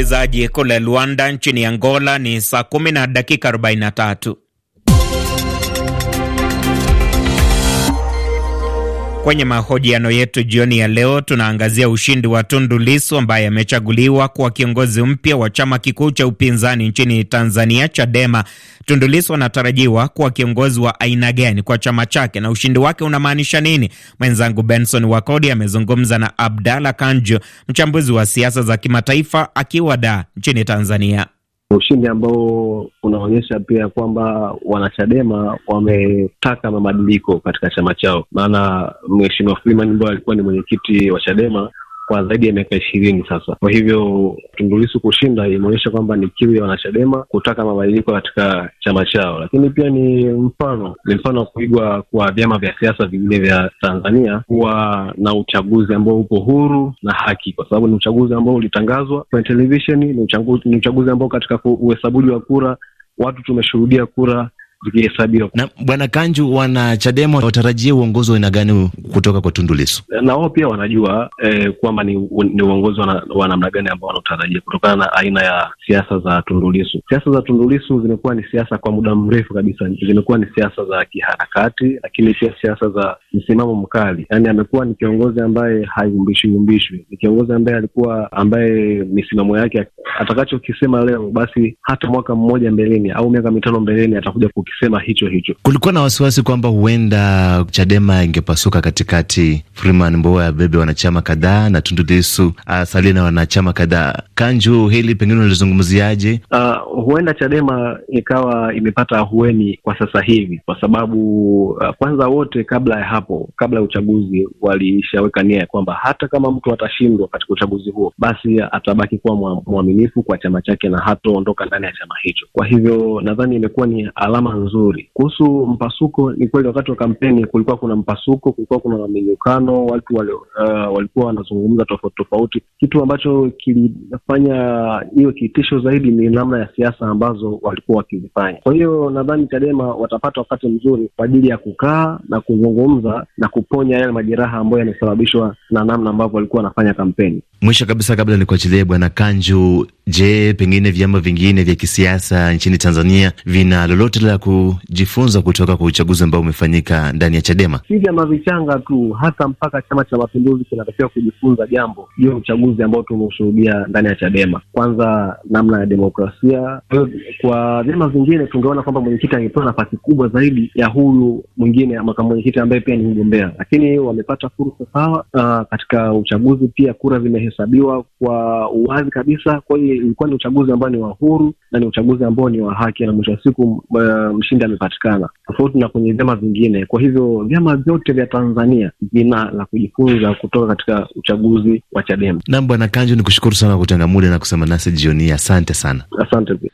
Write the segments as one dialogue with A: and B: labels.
A: Msikilizaji kule Luanda nchini Angola ni saa kumi na dakika tatu. Kwenye mahojiano yetu jioni ya leo tunaangazia ushindi wa Tundu Lissu ambaye amechaguliwa kuwa kiongozi mpya wa chama kikuu cha upinzani nchini Tanzania, Chadema. Tundu Lissu anatarajiwa kuwa kiongozi wa aina gani kwa chama chake na ushindi wake unamaanisha nini? Mwenzangu Benson Wakodi amezungumza na Abdalla kanju mchambuzi wa siasa za kimataifa, akiwa da nchini Tanzania
B: ushindi ambao unaonyesha pia kwamba wanachadema wametaka mabadiliko katika chama chao. Maana mheshimiwa Freeman ambaye alikuwa ni mwenyekiti wa Chadema kwa zaidi ya miaka ishirini sasa. Kwa hivyo Tundu Lissu kushinda imeonyesha kwamba ni kiu ya wanachadema kutaka mabadiliko katika chama chao, lakini pia ni mfano ni mfano wa kuigwa kwa vyama vya siasa vingine vya Tanzania kuwa na uchaguzi ambao upo huru na haki, kwa sababu ni uchaguzi ambao ulitangazwa kwenye televisheni, ni uchaguzi ambao katika uhesabuji wa kura watu tumeshuhudia kura vikihesabiwa. Na bwana Kanju,
A: wana Chadema watarajie uongozi wa aina gani kutoka kwa Tundu Lissu?
B: Eh, na wao pia wanajua eh, kwamba ni, ni uongozi wa namna gani ambao wanautarajia kutokana na aina ya siasa za Tundu Lissu. Siasa za Tundu Lissu zimekuwa ni siasa kwa muda mrefu kabisa, zimekuwa ni siasa za kiharakati, lakini pia siasa za msimamo mkali. Yani amekuwa ni kiongozi ambaye umbishwi, ni kiongozi ambaye alikuwa ambaye misimamo yake atakachokisema leo, basi hata mwaka mmoja mbeleni au miaka mitano mbeleni atakuja wakisema hicho hicho.
A: Kulikuwa na wasiwasi kwamba huenda Chadema ingepasuka katikati, Freeman Mbowe abebe wanachama kadhaa na Tundu Lissu asalie na wanachama kadhaa. Kanju, hili pengine unalizungumziaje?
B: Uh, huenda Chadema ikawa imepata ahueni kwa sasa hivi kwa sababu uh, kwanza wote kabla ya hapo, kabla ya uchaguzi walishaweka nia ya kwamba hata kama mtu atashindwa katika uchaguzi huo, basi atabaki kuwa mwaminifu kwa chama chake na hatoondoka ndani ya chama hicho. Kwa hivyo nadhani imekuwa ni alama nzuri. Kuhusu mpasuko, ni kweli wakati wa kampeni kulikuwa kuna mpasuko, kulikuwa kuna minyukano, watu wale, uh, walikuwa wanazungumza tofauti tofauti. Kitu ambacho kilifanya hiyo kitisho zaidi ni namna ya siasa ambazo walikuwa wakizifanya. Kwa hiyo nadhani Chadema watapata wakati mzuri kwa ajili ya kukaa na kuzungumza na kuponya yale majeraha ambayo yamesababishwa na namna ambavyo walikuwa wanafanya kampeni.
A: Mwisho kabisa kabla kuachilia Bwana Kanju, je, pengine vyama vingine vya kisiasa nchini Tanzania vina lolote la kujifunza kutoka kwa uchaguzi ambao umefanyika ndani ya Chadema?
B: Si vyama vichanga tu, hata mpaka Chama cha Mapinduzi kinatakiwa kujifunza jambo hiyo uchaguzi ambao tumeushuhudia ndani ya Chadema. Kwanza namna ya demokrasia. Kwa vyama vingine tungeona kwamba mwenyekiti angepewa nafasi kubwa zaidi ya huyu mwingine, makamu mwenyekiti ambaye pia ni mgombea, lakini wamepata fursa sawa. Uh, katika uchaguzi pia kura zime ulihesabiwa kwa uwazi kabisa. Kwa hiyo ilikuwa ni uchaguzi ambao ni wa huru na ni uchaguzi ambao ni wa haki, na mwisho wa siku eh, mshindi amepatikana, tofauti na kwenye vyama vingine. Kwa hivyo vyama vyote vya Tanzania vina la kujifunza kutoka katika uchaguzi wa Chadema.
A: Nam Bwana Kanju, ni kushukuru sana kwa kutenga muda na kusema nasi jioni. Asante sana, asante pia.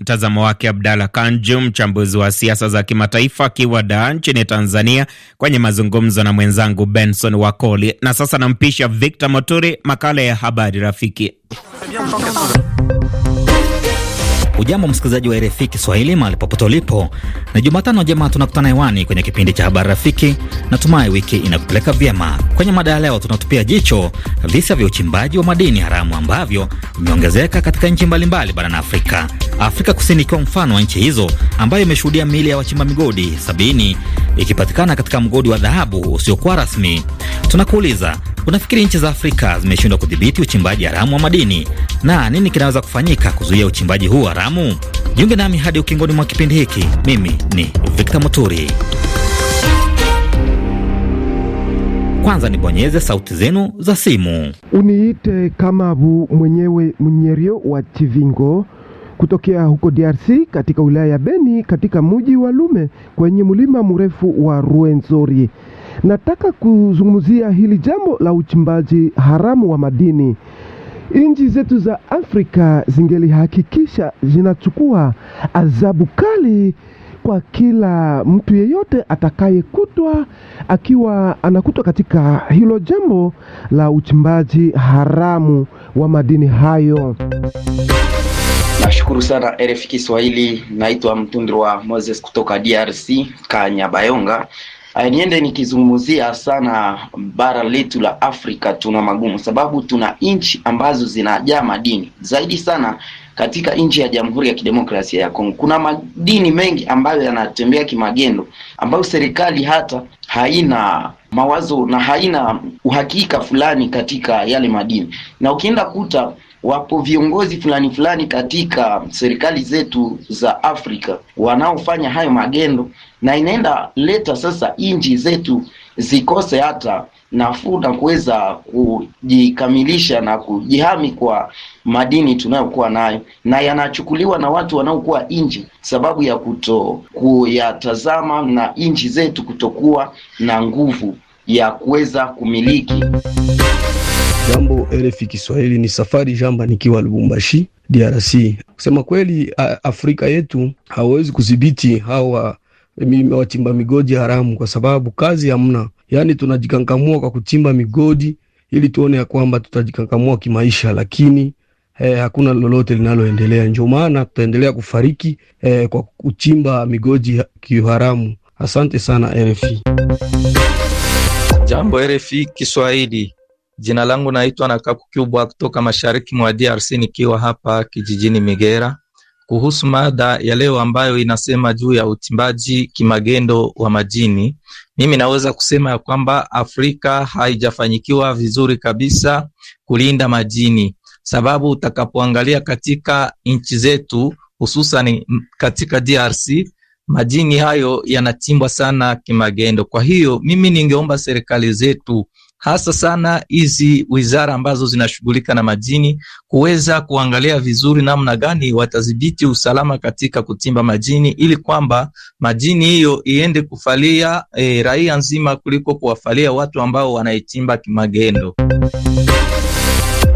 A: Mtazamo wake Abdalla Kanju, mchambuzi wa siasa za kimataifa, akiwa Dar nchini Tanzania, kwenye mazungumzo na mwenzangu Benson Wakoli. Na sasa nampisha Victor
C: Moturi, makala ya habari rafiki Ujambo msikilizaji wa RFI Kiswahili mahali popote ulipo, na Jumatano jema tunakutana hewani kwenye kipindi cha habari rafiki. Natumai wiki inakupeleka vyema. Kwenye mada ya leo, tunatupia jicho visa vya uchimbaji wa madini haramu ambavyo vimeongezeka katika nchi mbalimbali barani Afrika, Afrika Kusini ikiwa mfano wa nchi hizo ambayo imeshuhudia miili ya wachimba migodi sabini ikipatikana katika mgodi wa dhahabu usiokuwa rasmi. Tunakuuliza, Unafikiri nchi za Afrika zimeshindwa kudhibiti uchimbaji haramu wa madini, na nini kinaweza kufanyika kuzuia uchimbaji huu haramu? Jiunge nami hadi ukingoni mwa kipindi hiki. Mimi ni Victor Muturi. Kwanza nibonyeze sauti zenu za simu.
B: Uniite Kamabu mwenyewe Mnyerio wa Chivingo kutokea huko DRC katika wilaya ya Beni katika mji wa Lume kwenye mlima mrefu wa Ruenzori. Nataka kuzungumzia hili jambo la uchimbaji haramu wa madini. Nchi zetu za Afrika zingelihakikisha zinachukua adhabu kali kwa kila mtu yeyote atakayekutwa akiwa anakutwa katika hilo jambo la uchimbaji haramu wa madini hayo.
D: Nashukuru sana RFI Kiswahili. Naitwa Mtundri wa Moses kutoka DRC Kanyabayonga niende nikizungumzia sana bara letu la Afrika, tuna magumu sababu tuna nchi ambazo zinajaa madini zaidi sana katika nchi ya Jamhuri ya Kidemokrasia ya Kongo kuna madini mengi ambayo yanatembea kimagendo, ambayo serikali hata haina mawazo na haina uhakika fulani katika yale madini, na ukienda kuta wapo viongozi fulani fulani katika serikali zetu za Afrika wanaofanya hayo magendo, na inaenda leta sasa inji zetu zikose hata nafuu na kuweza kujikamilisha na kujihami kwa madini tunayokuwa nayo, na yanachukuliwa na watu wanaokuwa nje, sababu ya kuto kuyatazama na inji zetu kutokuwa na nguvu ya kuweza kumiliki.
B: Jambo RFI Kiswahili, ni safari jamba nikiwa Lubumbashi DRC. Kusema kweli, Afrika yetu hawawezi kudhibiti hawa wachimba migodi haramu, kwa sababu kazi hamna. Yaani tunajikankamua kwa kuchimba migodi ili tuone ya kwamba tutajikankamua kimaisha, lakini eh, hakuna lolote linaloendelea. Ndio maana tutaendelea kufariki eh, kwa kuchimba migodi kiharamu. Asante sana RFI.
C: Jambo RFI Kiswahili, jina langu naitwa na Kakukubwa kutoka mashariki mwa DRC, nikiwa hapa kijijini Migera, kuhusu mada ya leo ambayo inasema juu ya uchimbaji kimagendo wa majini Mimi naweza kusema ya kwamba Afrika haijafanyikiwa vizuri kabisa kulinda majini sababu utakapoangalia katika nchi zetu hususan katika DRC Madini hayo yanachimbwa sana kimagendo. Kwa hiyo mimi ningeomba serikali zetu hasa sana hizi wizara ambazo zinashughulika na majini kuweza kuangalia vizuri namna gani watadhibiti usalama katika kuchimba majini ili kwamba majini hiyo iende kufalia e, raia nzima kuliko kuwafalia watu ambao wanaichimba kimagendo.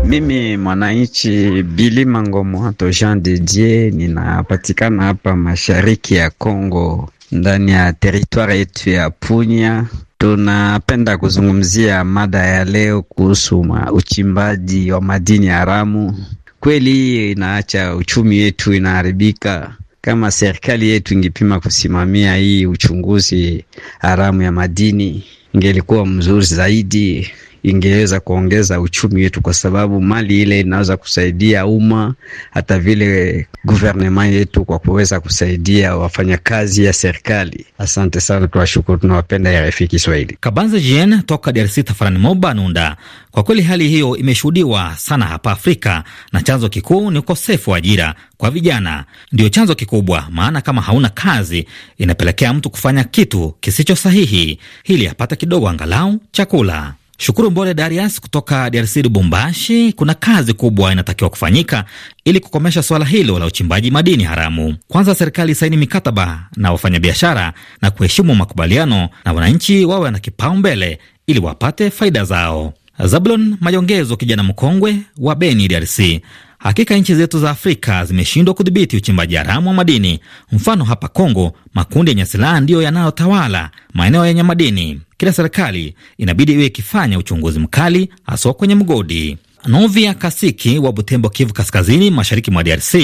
C: Mimi mwananchi Bili Mangomo Hato Jean de Dieu, ninapatikana hapa mashariki ya Kongo ndani ya teritwari yetu ya Punya. Tunapenda kuzungumzia mada ya leo kuhusu uchimbaji wa madini haramu. Kweli inaacha uchumi wetu inaharibika. Kama serikali yetu ingepima kusimamia hii uchunguzi haramu ya madini, ingelikuwa mzuri zaidi ingeweza kuongeza uchumi wetu, kwa sababu mali ile inaweza kusaidia umma, hata vile guvernema yetu kwa kuweza kusaidia wafanyakazi ya serikali. Asante sana, tuwashukuru, tunawapenda RFI Kiswahili. Kabanza Jean toka DRC, Tafarani Moba Nunda. Kwa kweli hali hiyo imeshuhudiwa sana hapa Afrika, na chanzo kikuu ni ukosefu wa ajira kwa vijana, ndiyo chanzo kikubwa, maana kama hauna kazi inapelekea mtu kufanya kitu kisicho sahihi ili apate kidogo angalau chakula. Shukuru Mbole Darias kutoka DRC Lubumbashi. Kuna kazi kubwa inatakiwa kufanyika ili kukomesha suala hilo la uchimbaji madini haramu. Kwanza, serikali isaini mikataba na wafanyabiashara na kuheshimu makubaliano, na wananchi wawe na kipaumbele ili wapate faida zao. Zabulon Majongezo, kijana mkongwe wa Beni, DRC. Hakika nchi zetu za Afrika zimeshindwa kudhibiti uchimbaji haramu wa madini. Mfano hapa Kongo, makundi yenye silaha ndiyo yanayotawala maeneo yenye madini kila serikali inabidi iwe ikifanya uchunguzi mkali haswa kwenye mgodi. Novia Kasiki wa Butembo, Kivu Kaskazini, mashariki mwa DRC.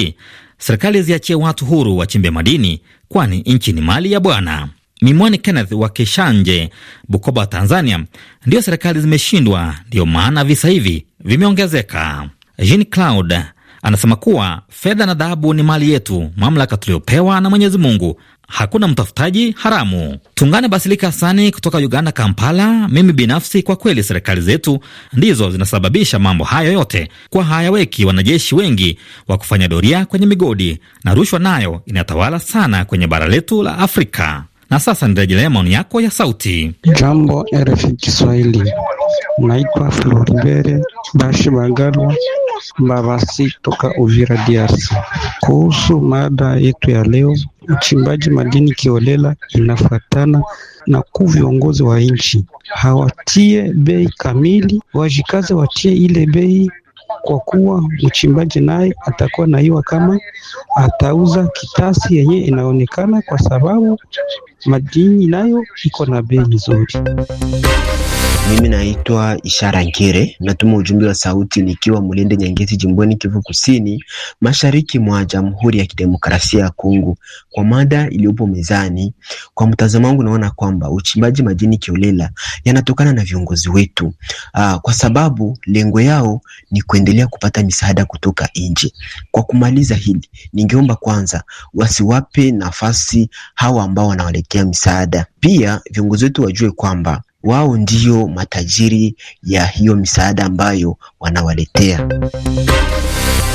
C: Serikali ziachie watu huru wachimbe madini, kwani nchi ni mali ya Bwana. Mimwani Kenneth wa kishanje Bukoba, Tanzania. Ndiyo serikali zimeshindwa, ndiyo maana visa hivi vimeongezeka. Jean Claude Anasema kuwa fedha na dhahabu ni mali yetu, mamlaka tuliyopewa na Mwenyezi Mungu. Hakuna mtafutaji haramu. Tungane Basilika Hasani kutoka Uganda, Kampala. Mimi binafsi kwa kweli, serikali zetu ndizo zinasababisha mambo hayo yote, kwa hayaweki wanajeshi wengi wa kufanya doria kwenye migodi, na rushwa nayo inatawala sana kwenye bara letu la Afrika. Na sasa nirejelea maoni yako ya sauti.
B: Jambo RFI Kiswahili, naitwa Floribere Bashi Bagalwa Mavasi toka Uvira, DRC. Kuhusu mada yetu ya leo, uchimbaji madini kiolela inafuatana
D: na ku viongozi wa nchi hawatie bei kamili, wajikaze watie ile bei kwa kuwa mchimbaji naye atakuwa naiwa kama
A: atauza kitasi yenye inaonekana, kwa sababu madini nayo iko na bei nzuri.
D: Mimi naitwa Ishara Ngere, natuma ujumbe wa sauti nikiwa mlende Nyangezi, jimboni Kivu Kusini, mashariki mwa Jamhuri ya Kidemokrasia ya Kongo. Kwa mada iliyopo mezani, kwa mtazamo wangu, naona kwamba uchimbaji madini kiolela yanatokana na viongozi wetu aa, ah, kwa sababu lengo yao ni kuendelea kupata misaada kutoka nje. Kwa kumaliza hili, ningeomba kwanza wasiwape nafasi hawa ambao wanawalekea misaada. Pia viongozi wetu wajue kwamba wao ndio matajiri ya hiyo misaada ambayo wanawaletea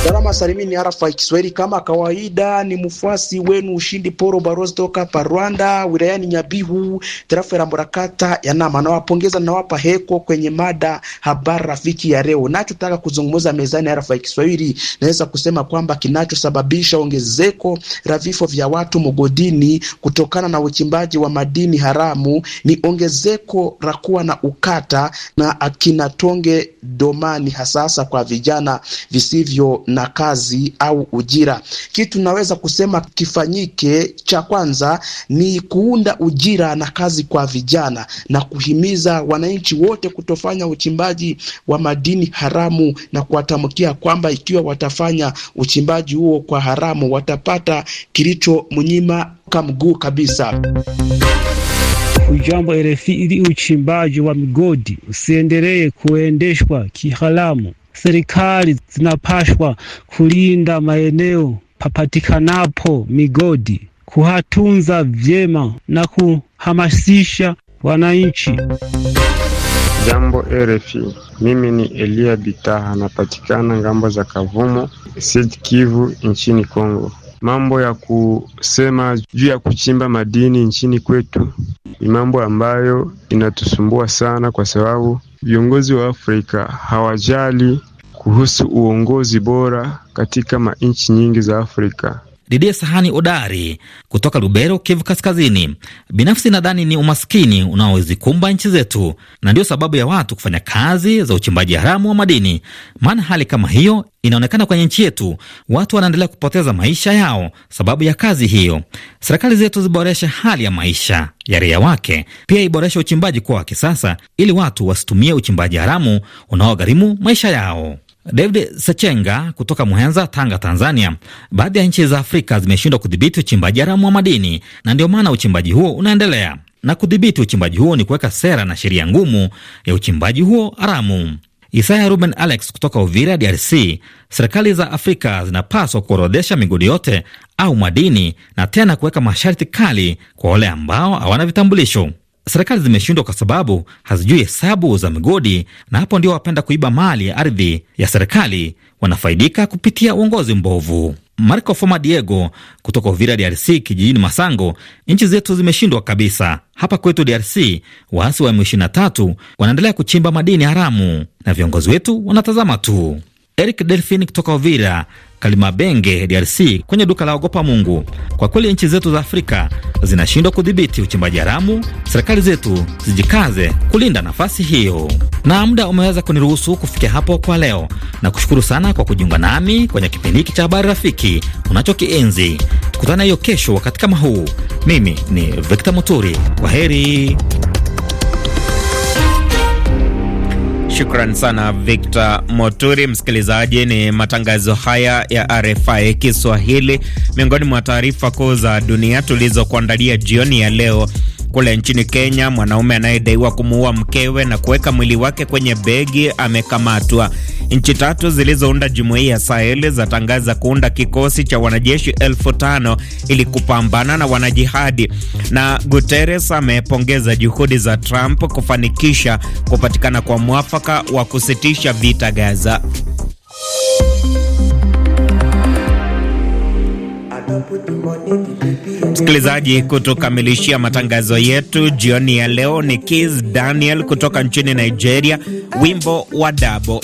D: Salama salimini arafa Kiswahili kama kawaida, ni mfuasi wenu ushindi poro barozi toka pa Rwanda wilayani Nyabihu tarafa ya Mburakata ya Nama. Nawapongeza, nawapa heko kwenye mada habari rafiki ya leo. Nachotaka kuzungumza mezani arafa Kiswahili, naweza kusema kwamba kinachosababisha ongezeko la vifo vya watu mgodini kutokana na uchimbaji wa madini haramu ni ongezeko la kuwa na ukata na akina tonge domani, hasasa kwa vijana visivyo na kazi au ujira. Kitu naweza kusema kifanyike cha kwanza ni kuunda ujira na kazi kwa vijana na kuhimiza wananchi wote kutofanya uchimbaji wa madini haramu na kuwatamkia kwamba ikiwa watafanya uchimbaji huo kwa haramu watapata kilicho mnyima mguu kabisa.
A: Ujambo RFI, ili uchimbaji wa migodi usiendelee kuendeshwa kiharamu serikali zinapashwa kulinda maeneo papatikanapo migodi, kuhatunza vyema na kuhamasisha wananchi. Jambo RFI, mimi ni Elia Bitaha, napatikana ngambo za Kavumo, Sud Kivu, nchini Kongo mambo ya kusema juu ya kuchimba madini nchini kwetu ni mambo ambayo inatusumbua sana, kwa sababu viongozi wa Afrika hawajali
C: kuhusu uongozi bora katika manchi nyingi za Afrika. Didie Sahani Odari kutoka Lubero, Kivu Kaskazini. Binafsi nadhani ni umaskini unaowezi kumba nchi zetu, na ndio sababu ya watu kufanya kazi za uchimbaji haramu wa madini, maana hali kama hiyo inaonekana kwenye nchi yetu. Watu wanaendelea kupoteza maisha yao sababu ya kazi hiyo. Serikali zetu ziboreshe hali ya maisha ya raia wake, pia iboreshe uchimbaji kuwa wa kisasa, ili watu wasitumie uchimbaji haramu unaogharimu maisha yao. David Sechenga kutoka Muhenza, Tanga, Tanzania. Baadhi ya nchi za Afrika zimeshindwa kudhibiti uchimbaji haramu wa madini na ndio maana uchimbaji huo unaendelea, na kudhibiti uchimbaji huo ni kuweka sera na sheria ngumu ya uchimbaji huo haramu. Isaya Ruben Alex kutoka Uvira, DRC. Serikali za Afrika zinapaswa kuorodhesha migodi yote au madini na tena kuweka masharti kali kwa wale ambao hawana vitambulisho serikali zimeshindwa kwa sababu hazijui hesabu za migodi, na hapo ndio wapenda kuiba mali ya ardhi ya serikali wanafaidika kupitia uongozi mbovu. Marco Foma Diego kutoka Uvira, DRC, kijijini Masango. Nchi zetu zimeshindwa kabisa. Hapa kwetu DRC, waasi wa M23 wanaendelea kuchimba madini haramu na viongozi wetu wanatazama tu. Eric Delfin kutoka Uvira Kalimabenge, DRC, kwenye duka la ogopa Mungu. Kwa kweli nchi zetu za Afrika zinashindwa kudhibiti uchimbaji haramu, serikali zetu zijikaze kulinda nafasi hiyo. Na muda umeweza kuniruhusu kufikia hapo kwa leo, na kushukuru sana kwa kujiunga nami kwenye kipindi hiki cha habari rafiki unachokienzi. Tukutane hiyo kesho wakati kama huu. Mimi ni Victor Muturi, kwa heri.
A: Shukran sana Victor Moturi. Msikilizaji, ni matangazo haya ya RFI Kiswahili. Miongoni mwa taarifa kuu za dunia tulizokuandalia jioni ya leo kule nchini Kenya, mwanaume anayedaiwa kumuua mkewe na kuweka mwili wake kwenye begi amekamatwa. Nchi tatu zilizounda jumuiya ya Sahel zatangaza kuunda kikosi cha wanajeshi elfu tano ili kupambana na wanajihadi. Na Guterres amepongeza juhudi za Trump kufanikisha kupatikana kwa mwafaka wa kusitisha vita Gaza. Msikilizaji, kutukamilishia matangazo yetu jioni ya leo ni kis Daniel kutoka nchini Nigeria, wimbo wa Dabo.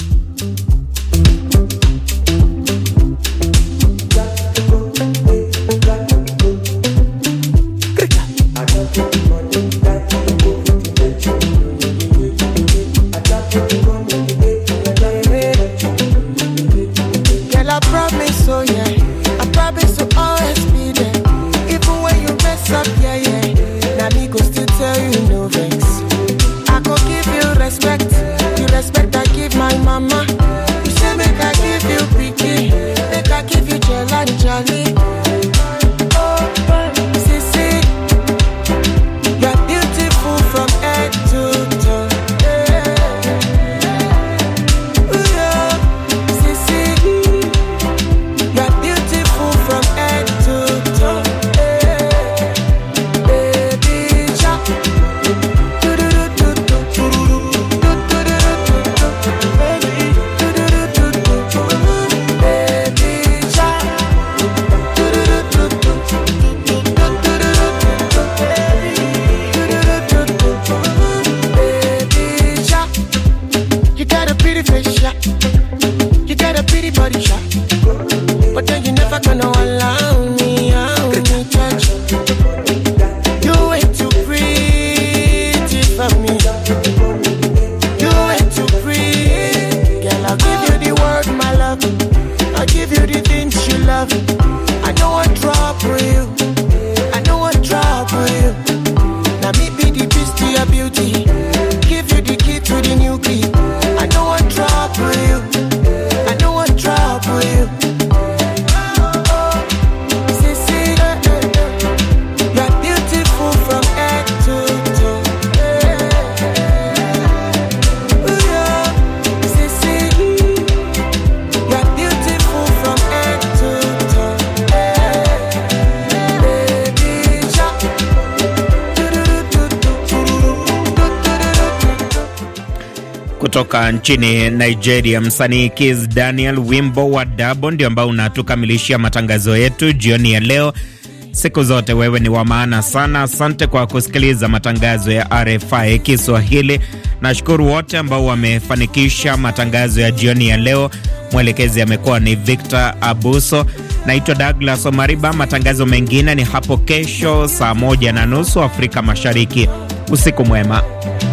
A: nchini Nigeria, msanii Kizz Daniel, wimbo wa Dabo ndio ambao unatukamilishia matangazo yetu jioni ya leo. Siku zote wewe ni wa maana sana. Asante kwa kusikiliza matangazo ya RFI Kiswahili. Nashukuru wote ambao wamefanikisha matangazo ya jioni ya leo. Mwelekezi amekuwa ni Victor Abuso. Naitwa Douglas Omariba. Matangazo mengine ni hapo kesho saa moja na nusu Afrika Mashariki.
C: Usiku mwema.